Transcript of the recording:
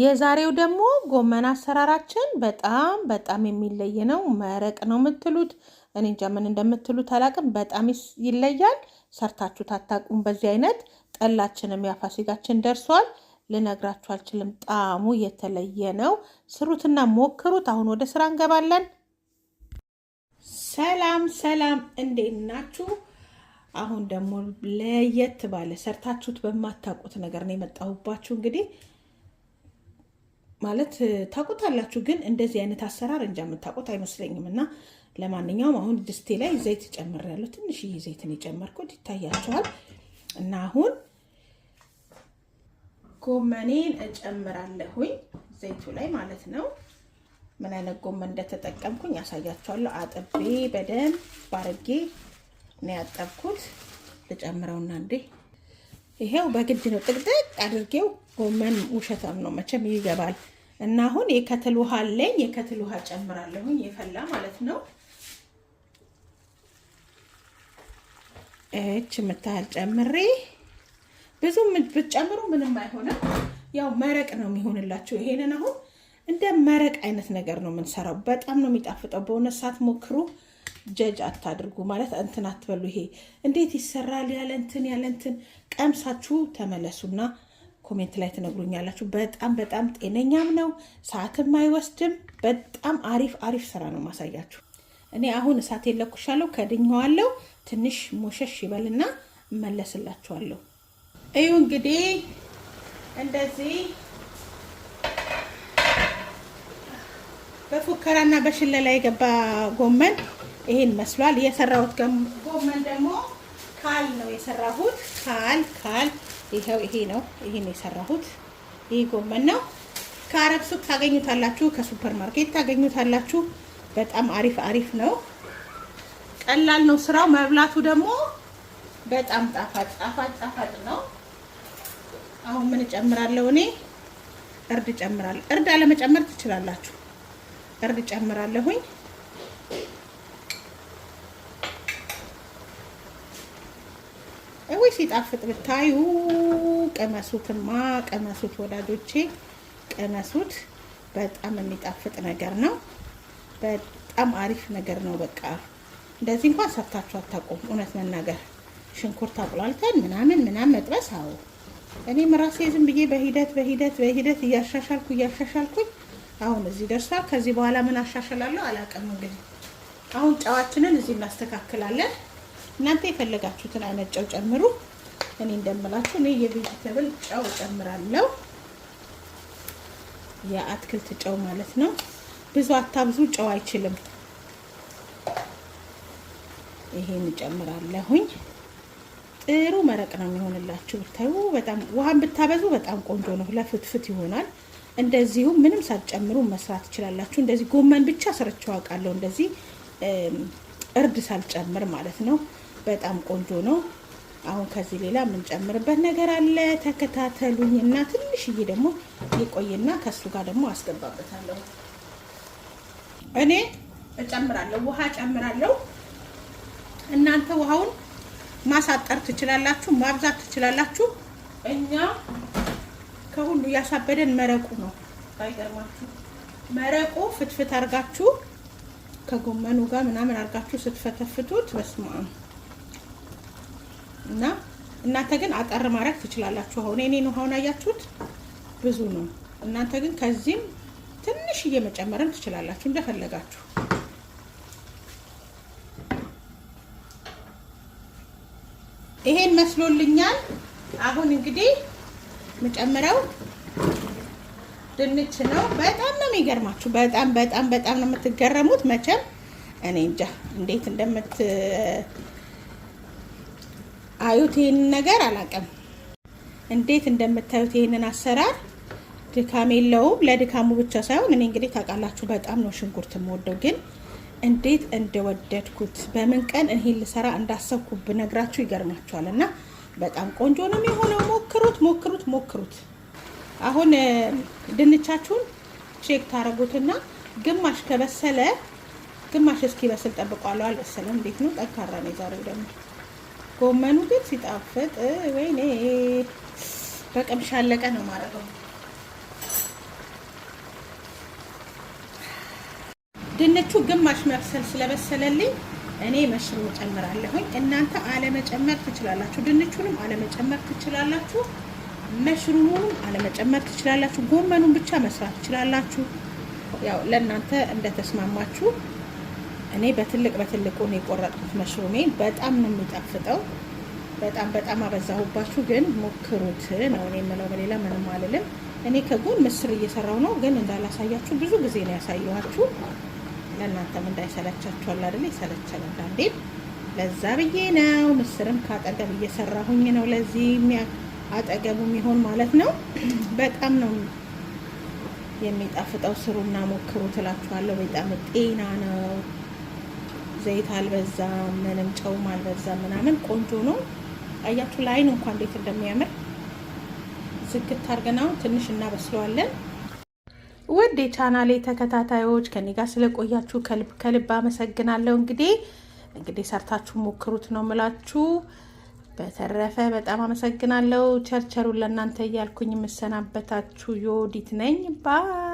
የዛሬው ደግሞ ጎመን አሰራራችን በጣም በጣም የሚለይ ነው። መረቅ ነው የምትሉት፣ እኔ እንጃ ምን እንደምትሉት አላቅም። በጣም ይለያል። ሰርታችሁ ታታቁም። በዚህ አይነት ጠላችንም ያፋሲጋችን ደርሷል። ልነግራችሁ አልችልም። ጣዕሙ የተለየ ነው። ስሩትና ሞክሩት። አሁን ወደ ስራ እንገባለን። ሰላም ሰላም፣ እንዴት ናችሁ? አሁን ደግሞ ለየት ባለ ሰርታችሁት በማታውቁት ነገር ነው የመጣሁባችሁ እንግዲህ ማለት ታውቁታላችሁ፣ ግን እንደዚህ አይነት አሰራር እንጃ የምታውቁት አይመስለኝም። እና ለማንኛውም አሁን ድስቴ ላይ ዘይት ጨምሬያለሁ። ትንሽዬ ዘይትን የጨመርኩት ይታያችኋል። እና አሁን ጎመኔን እጨምራለሁኝ ዘይቱ ላይ ማለት ነው። ምን አይነት ጎመን እንደተጠቀምኩኝ ያሳያችኋለሁ። አጥቤ በደንብ ባርጌ ነው ያጠብኩት። ልጨምረውና እንዴ ይሄው በግድ ነው ጥቅጥቅ አድርጌው። ጎመን ውሸታም ነው መቼም ይገባል። እና አሁን የከትል ውሃ አለኝ። የከትል ውሃ ጨምራለሁኝ፣ የፈላ ማለት ነው። እች የምታህል ጨምሬ ብዙ ብትጨምሩ ምንም አይሆንም። ያው መረቅ ነው የሚሆንላችሁ። ይሄንን አሁን እንደ መረቅ አይነት ነገር ነው የምንሰራው። በጣም ነው የሚጣፍጠው። በእውነት ሳትሞክሩ ጀጅ አታድርጉ ማለት እንትን አትበሉ። ይሄ እንዴት ይሰራል ያለ እንትን ያለ እንትን ቀምሳችሁ ተመለሱና ኮሜንት ላይ ትነግሩኛላችሁ። በጣም በጣም ጤነኛም ነው፣ ሰዓትም አይወስድም። በጣም አሪፍ አሪፍ ስራ ነው ማሳያችሁ። እኔ አሁን እሳት የለኩሻለሁ፣ ከድኜዋለሁ። ትንሽ ሞሸሽ ይበልና መለስላችኋለሁ። እዩ እንግዲህ እንደዚህ በፉከራና በሽለላ የገባ ጎመን ይሄን መስሏል። የሰራሁት ጎመን ደግሞ ካል ነው የሰራሁት። ካል ካል ይሄው ይሄ ነው። ይሄን የሰራሁት ይህ ጎመን ነው። ከአረብ ሱቅ ታገኙታላችሁ፣ ከሱፐር ማርኬት ታገኙታላችሁ። በጣም አሪፍ አሪፍ ነው። ቀላል ነው ስራው። መብላቱ ደግሞ በጣም ጣፋጭ ጣፋጭ ጣፋጭ ነው። አሁን ምን እጨምራለሁ እኔ? እርድ እጨምራለሁ። እርድ አለመጨመር ትችላላችሁ። እርድ እጨምራለሁኝ። ወይ ሲጣፍጥ ብታዩ ቀመሱትማ፣ ቀመሱት ወዳጆቼ፣ ቀመሱት። በጣም የሚጣፍጥ ነገር ነው። በጣም አሪፍ ነገር ነው። በቃ እንደዚህ እንኳን ሰርታችሁ አታውቁም። እውነት መናገር ሽንኩርት አቁላልተን ምናምን ምናምን መጥበስ አዎ፣ እኔም ራሴ ዝም ብዬ በሂደት በሂደት በሂደት እያሻሻልኩ እያሻሻልኩኝ አሁን እዚህ ደርሷል። ከዚህ በኋላ ምን አሻሻላለሁ አላውቅም። እንግዲህ አሁን ጨዋችንን እዚህ እናስተካክላለን። እናንተ የፈለጋችሁትን አይነት ጨው ጨምሩ። እኔ እንደምላችሁ እኔ የቬጅተብል ጨው ጨምራለሁ፣ የአትክልት ጨው ማለት ነው። ብዙ አታብዙ፣ ጨው አይችልም። ይሄን እጨምራለሁኝ። ጥሩ መረቅ ነው የሚሆንላችሁ። ብታዩ በጣም ውሃን ብታበዙ በጣም ቆንጆ ነው፣ ለፍትፍት ይሆናል። እንደዚሁ ምንም ሳትጨምሩ መስራት ትችላላችሁ። እንደዚህ ጎመን ብቻ ሰርቼው አውቃለሁ፣ እንደዚህ እርድ ሳልጨምር ማለት ነው። በጣም ቆንጆ ነው። አሁን ከዚህ ሌላ የምንጨምርበት ነገር አለ። ተከታተሉኝ እና ትንሽዬ ደግሞ ይቆይና ከሱ ጋር ደግሞ አስገባበታለሁ። እኔ እጨምራለሁ፣ ውሃ ጨምራለሁ። እናንተ ውሃውን ማሳጠር ትችላላችሁ፣ ማብዛት ትችላላችሁ። እኛ ከሁሉ ያሳበደን መረቁ ነው። ባይገርማችሁ መረቁ ፍትፍት አርጋችሁ ከጎመኑ ጋር ምናምን አርጋችሁ ስትፈተፍቱት በስመ አብ እና እናንተ ግን አጠር ማድረግ ትችላላችሁ። አሁን የኔን ውሃውን አያችሁት ብዙ ነው። እናንተ ግን ከዚህም ትንሽ እየመጨመርም ትችላላችሁ እንደፈለጋችሁ። ይሄን መስሎልኛል። አሁን እንግዲህ መጨመሪያው ድንች ነው። በጣም ነው የሚገርማችሁ። በጣም በጣም በጣም ነው የምትገረሙት። መቼም እኔ እንጃ እንዴት እንደምት አዩት። ይህንን ነገር አላውቅም እንዴት እንደምታዩት ይህንን አሰራር ድካም የለውም። ለድካሙ ብቻ ሳይሆን እኔ እንግዲህ ታውቃላችሁ በጣም ነው ሽንኩርት የምወደው፣ ግን እንዴት እንደወደድኩት በምን ቀን ይህን ልሰራ እንዳሰብኩ ብነግራችሁ ይገርማችኋል። እና በጣም ቆንጆ ነው የሚሆነው። ሞክሩት፣ ሞክሩት፣ ሞክሩት። አሁን ድንቻችሁን ቼክ ታደረጉትና ግማሽ ከበሰለ ግማሽ እስኪበስል ጠብቋለሁ። አልበሰለም። እንዴት ነው ጠንካራ ነው የዛሬው ደግሞ ጎመኑ ግን ሲጣፍጥ ወይኔ በቀምሻ አለቀ ነው ማለት ነው። ድንቹ ግማሽ መብሰል ስለበሰለልኝ እኔ መሽሮ ጨምራለሁኝ። እናንተ አለመጨመር ትችላላችሁ። ድንቹንም አለመጨመር ትችላላችሁ። መሽሩሙንም አለመጨመር ትችላላችሁ። ጎመኑን ብቻ መስራት ትችላላችሁ። ያው ለእናንተ እንደተስማማችሁ እኔ በትልቅ በትልቁ ነው የቆረጥኩት መሽሩሜን። በጣም ነው የሚጣፍጠው። በጣም በጣም አበዛሁባችሁ፣ ግን ሞክሩት ነው እኔ የምለው። በሌላ ምንም አልልም። እኔ ከጎን ምስር እየሰራው ነው፣ ግን እንዳላሳያችሁ ብዙ ጊዜ ነው ያሳየኋችሁ። ለእናንተም እንዳይሰለቻችሁ አለ አይደለ? ይሰለቻል አንዳንዴ። ለዛ ብዬ ነው ምስርም ከአጠገብ እየሰራሁኝ ነው፣ ለዚህ አጠገቡ የሚሆን ማለት ነው። በጣም ነው የሚጣፍጠው። ስሩና ሞክሩ ትላችኋለሁ። በጣም ጤና ነው። ዘይት አልበዛም፣ ምንም ጨውም አልበዛ ምናምን ቆንጆ ነው። አያችሁ ለአይን እንኳን እንዴት እንደሚያምር ዝግት አድርገን ትንሽ እናበስለዋለን። ውድ የቻናሌ ተከታታዮች ከኔ ጋር ስለቆያችሁ ከልብ ከልብ አመሰግናለሁ። እንግዲህ እንግዲህ ሰርታችሁ ሞክሩት ነው ምላችሁ። በተረፈ በጣም አመሰግናለሁ። ቸርቸሩን ለእናንተ እያልኩኝ የምሰናበታችሁ የወዲት ነኝ ባ